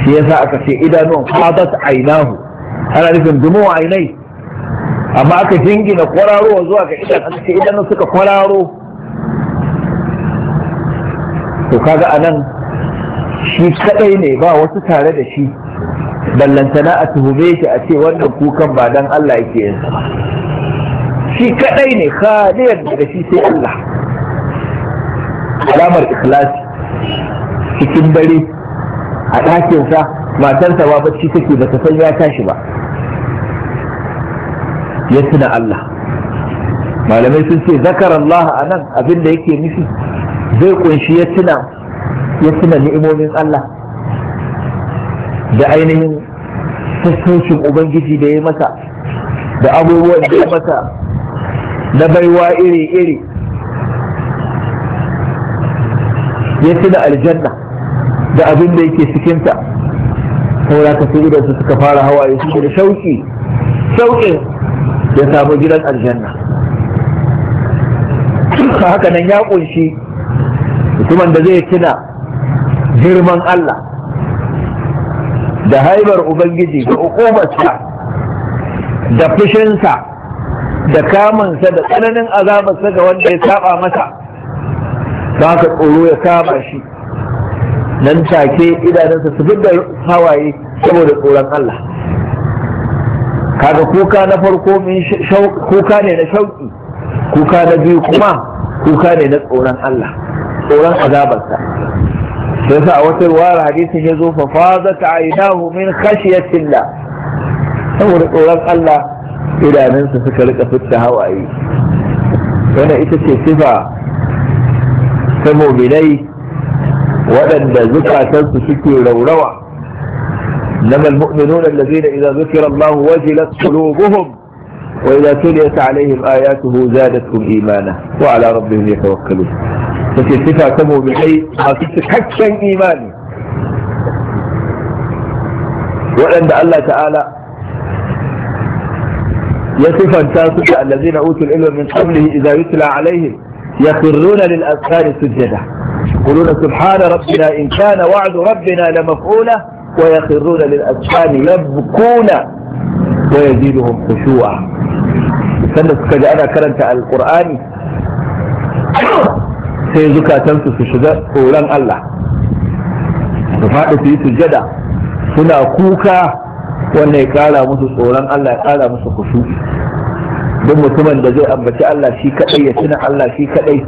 shi yasa aka ce idanuwan fadat ainahu ana nufin dumo ainai amma aka jingina kwararowa zuwa ga idan aka ce idanun suka kwararo to kaga anan shi kadai ne ba wasu tare da shi ballantana a tuhume shi a ce wannan kukan ba dan Allah yake yin shi kadai ne khaliyan daga shi sai Allah alamar ikhlasi cikin dare a ɗakinsa matarsa ba bacci take ba ta san ya tashi ba ya tuna Allah malamai sun ce zakar Allah a nan abin da yake nufi zai kunshi ya tuna ya tuna ni'imomin Allah da ainihin fuskocin ubangiji da ya masa da abubuwan da ya masa na baiwa iri-iri ya tuna aljanna da abin da yake cikinta saboda ka sai idan su suka fara hawaye su da shauki shauƙin ya samu gidan aljanna haka nan ya ƙunshi mutumin da zai tuna girman Allah da haibar ubangiji da hukumarsa da fushinsa da kamansa da tsananin azabarsa ga wanda ya saba masa ba ka tsoro ya kama shi nan take idanunsa su da hawaye saboda tsoron Allah kaga kuka na farko kuka ne na shauki kuka na biyu kuma kuka ne na tsoron Allah tsoron azabarsa شيخ عوت الوار حديث جزو ففاضت عيناه من خشية الله أقول أولاك الله إلى ننسى فكرك في التهوأي وانا إتسي صفة سمو بني وأن ذكى تنسى شكي لو روى إنما المؤمنون الذين إذا ذكر الله وجلت قلوبهم وإذا تليت عليهم آياته زادتهم إيمانا وعلى ربهم يتوكلون ففي صفة تمو بالحي حكا إيماني وأن الله تعالى يصف التاسع الذين أوتوا العلم من قبله إذا يتلى عليهم يخرون للأذكار سجدا يقولون سبحان ربنا إن كان وعد ربنا لمفعولا ويخرون للأذكار يبكون wa yaziduhum khushu'a sanda suka ji ana karanta alqur'ani sai zukatansu su shiga tsoron Allah su faɗi su yi sujada suna kuka wanda ya ƙara musu tsoron Allah ya ƙara musu kusuri duk mutumin da zai ambaci Allah shi kaɗai, ya tuna Allah shi kaɗai,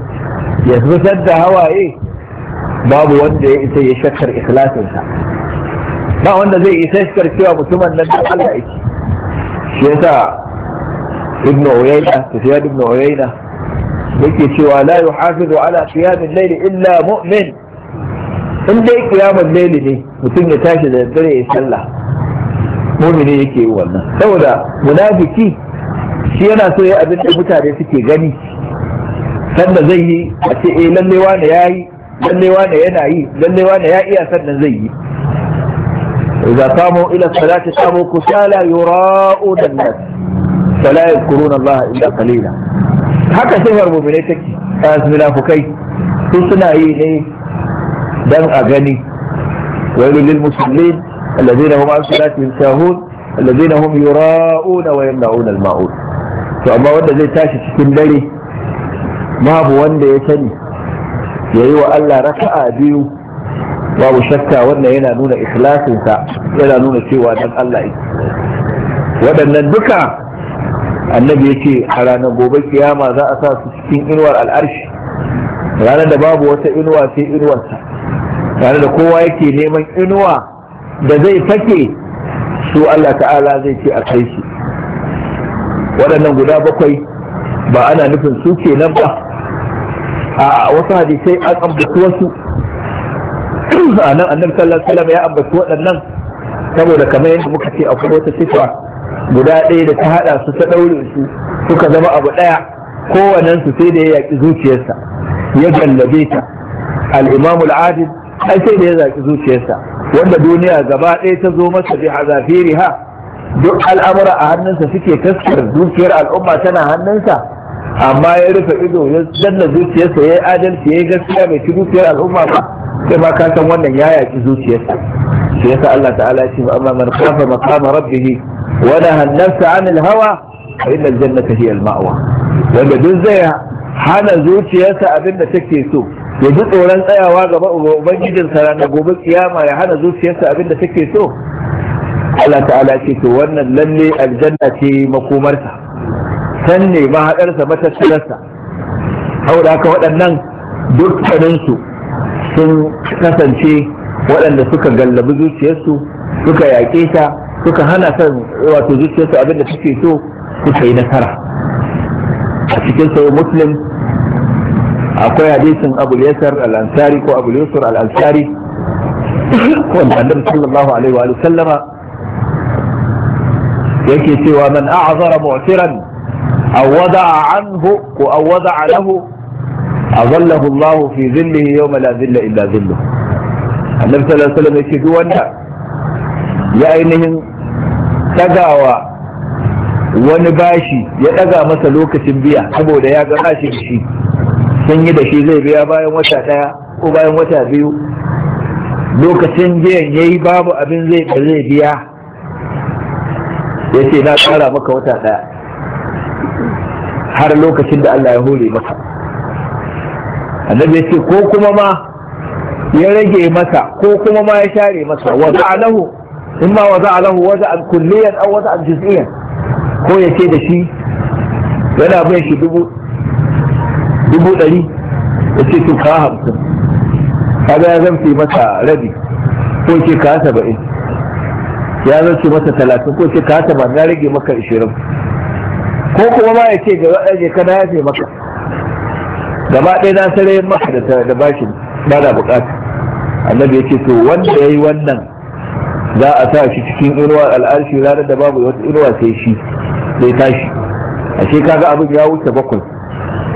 ya zubar da hawaye babu wanda ya isa ya shakkar ikilasinsa. ba wanda zai isa shakkar cewa mutumin nan Allah yake shi yasa ibn uyayna tafiyad ibn uyayna yake cewa la yuhafizu ala qiyamil layli illa mu'min in dai qiyamul layli ne mutum ya tashi da dare ya sallah mu'mini yake yi wannan saboda munafiki shi yana so ya abin da mutane suke gani sanda zai yi a ce eh lalle wani yayi lalle wani yana yi lalle wani ya iya sannan zai yi إذا قاموا إلى الصلاة قاموا كسالى يراءون الناس فلا يذكرون الله إلا قليلا haka sifar mummune take a munafukai su suna yi ne dan a gani wailul lil muslimin alladhina hum an salatihim sahun alladhina hum yura'un wa yamna'un al ma'un to amma wanda zai tashi cikin dare babu wanda ya sani yayi wa Allah raka'a biyu babu shakka wannan yana nuna ikhlasinsa yana nuna cewa dan Allah waɗannan duka annabi ya ce a ranar gobe kiyama za a sa su cikin inuwar al'arshi ranar da babu wata inuwa sai inuwarsa ranar da kowa yake neman inuwa da zai fake su Allah ta'ala zai ce a kai su waɗannan guda bakwai ba ana nufin su nan ba a wasu hadisai an ambaci wasu a nan annabi sallallahu alaihi wasallam ya ambaci waɗannan saboda kamar yadda muka ce akwai wata sifa guda ɗaya da ta haɗa su ta ɗaure su suka zama abu ɗaya kowannen su sai da ya yaƙi zuciyarsa ya gallabe ta al-imamul adil ai sai da ya zaƙi zuciyarsa wanda duniya gaba ɗaya ta zo masa bi ha? duk al'amura a hannunsa suke taskar zuciyar al'umma tana hannunsa amma ya rufe ido ya danna zuciyarsa ya yi adalci ya yi gaskiya bai ci zuciyar al'umma ba sai ma ka san wannan ya yaki zuciyarsa shi yasa Allah ta'ala ce amma man qafa maqama rabbih wa naha an-nafsa 'anil hawa fa inna al-jannata hiya al-ma'wa wanda duk zai hana zuciyarsa abin da take so ya ji tsoron tsayawa gaba sa ranar gobe kiyama ya hana zuciyarsa abin da take so Allah ta'ala ce to wannan lalle aljanna ce makomarsa san ne mahaɗarsa matattalarsa saboda haka waɗannan dukkaninsu sun kasance waɗanda suka gallabi zuciyarsu suka yaƙe ta suka hana son wato zuciyarsu abin da suke so suka yi nasara a cikin sayo muslim akwai hadisin abu yasar al-ansari ko abu yasar al-ansari wanda annabi sallallahu alaihi wa sallama yake cewa man a'zara mu'tiran aw wada'a anhu ko aw wada'a lahu azallahu Allah fi zillihi yawma la zilla illa zillu annabi sallallahu alaihi wasallam yake wanda ya ainihin tagawa wani bashi ya daga masa lokacin biya saboda ya ga bashi da shi sun yi da shi zai biya bayan wata daya ko bayan wata biyu lokacin biyan yayi babu abin zai da zai biya yace na kara maka wata daya har lokacin da Allah ya hore maka annabi ya ce ko kuma ma ya rage masa ko kuma ma ya share masa wa alahu, in ma wa za'alahu wa za'al kulliyan aw wa za'al juz'iyan ko ya ce da shi yana bai shi dubu dubu ɗari ya ce to ka hamsin kaga ya zamce masa rabi ko ce ka saba'in ya zamce masa talatin ko ce ka saba'in ya rage maka ishirin ko kuma ma ya ce ga waɗanda ka na yafe maka gaba ɗaya na sarai maka da bashin ba da bukata annabi ya ce to wanda ya yi wannan za a sa shi cikin inuwa al'arshi ranar da babu wata inuwa sai shi zai tashi ashe kaga abin ya wuce bakwai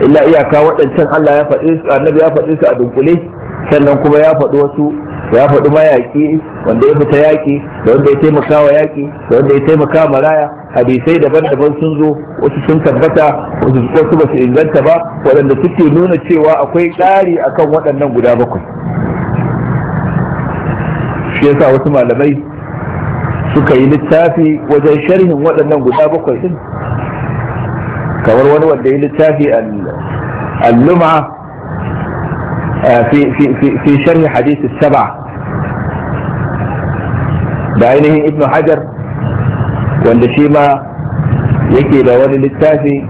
illa iyaka waɗancan Allah ya faɗi su annabi ya faɗi su a dunkule sannan kuma ya faɗi wasu ya faɗi mayaƙi wanda ya fita yaƙi da wanda ya taimaka wa yaƙi da wanda ya taimaka maraya hadisai daban-daban sun zo wasu sun tabbata wasu ba su inganta ba waɗanda suke nuna cewa akwai ƙari akan waɗannan guda bakwai shi yasa wasu malamai suka yi littafi wajen sharhin waɗannan guda bakwai din kamar wani wanda ya littafi al-lum'a fi في في saba da ainihin ibn hajar wanda shi ma yake da wani littafi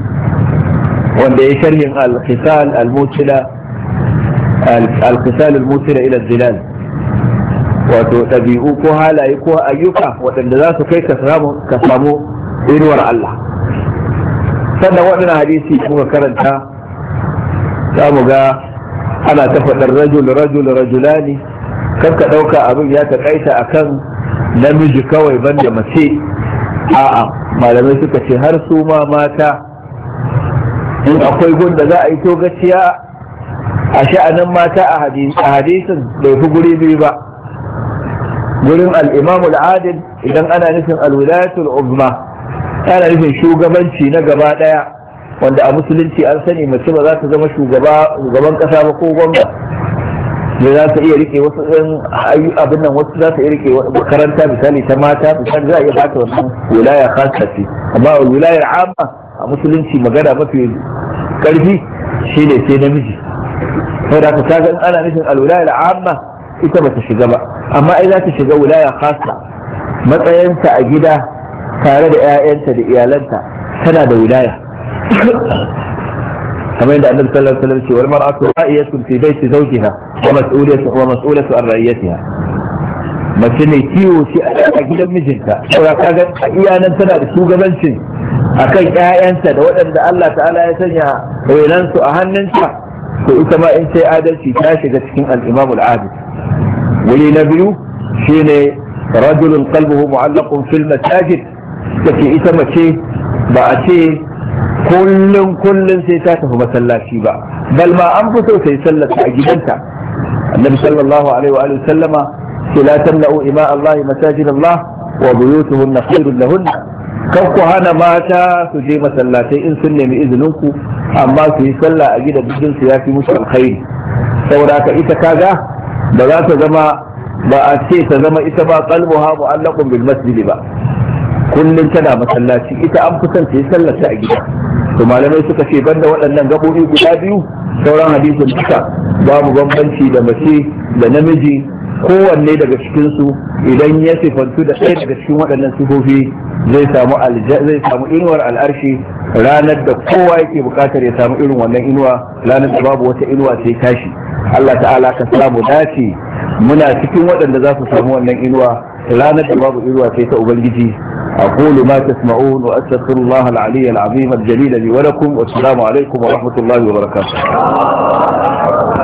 wanda ya sharhin al-khisal al-mutila al al-mutila ila zilal wato ɗabi'u ko halaye ko ayyuka waɗanda za su kai ka samu inuwar Allah sannan waɗannan hadisi muka karanta za mu ga ana ta faɗar rajul rajul rajulani kan ka ɗauka abin ya taƙaita akan namiji kawai banda mace a'a malamai suka ce har su ma mata in akwai gunda za a yi togaciya a sha'anin mata a hadisin bai fi guri biyu ba gurin al'imamul adil idan ana nufin alwilayatul uzma ana nufin shugabanci na gaba daya wanda a musulunci an sani mace ba za ta zama shugaban kasa ba ko gwamna da za ka iya rike wasu ɗan abin nan wasu za ka iya rike makaranta misali ta mata misali za a iya bata wannan wilaya khasa ce amma wilayar amma a musulunci magana mafi karfi shi ne sai namiji saboda ka kaga in ana nufin alwilayar amma ita ba ta shiga ba amma ai za ta shiga wilaya khasa matsayinta a gida tare da 'ya'yanta da iyalanta tana da wilaya كما عند النبي صلى الله عليه وسلم والمرأة رائية في بيت زوجها ومسؤولة ومسؤولة عن رعيتها mace ne kiwo ce a gidan mijinta saboda kaga iyanan tana da shugabancin akan 'ya'yanta da waɗanda Allah ta'ala ya sanya renansu a hannun hannunta to ita ma in sai adalci ta shiga cikin al-Imam al-Adil wuri na biyu shine rajulun qalbuhu mu'allaqun fil masajid take ita mace ba a ce kullum kullum sai ta tafi masallaci ba bal ma an fi so sai sallarta a gidanta annabi sallallahu alaihi wa alihi sallama ce la tamna'u ima Allah masajid Allah wa buyutuhunna khairul lahunna kan ku hana mata su je masallatai in sun nemi izinin ku amma su yi sallah a gidajen su yafi musu alkhairi saboda ka ita kaga ba za ta zama ba a ce ta zama ita ba qalbuha mu'allaqun bil masjid ba kullum tana masallaci ita an fi son ta yi sallar ta a gida to malamai suka ce banda waɗannan gaɓoɓi guda biyu sauran hadisin duka babu bambanci da mace da namiji kowanne daga cikinsu idan ya sifantu da ɗaya daga cikin waɗannan sifofi zai samu zai samu inuwar al'arshi ranar da kowa yake buƙatar ya samu irin wannan inuwa ranar da babu wata inuwa sai tashi Allah ta'ala ka samu dace muna cikin waɗanda za su samu wannan inuwa ranar da babu irwa sai ta ubangiji اقول ما تسمعون واستغفر الله العلي العظيم الجليل لي ولكم والسلام عليكم ورحمه الله وبركاته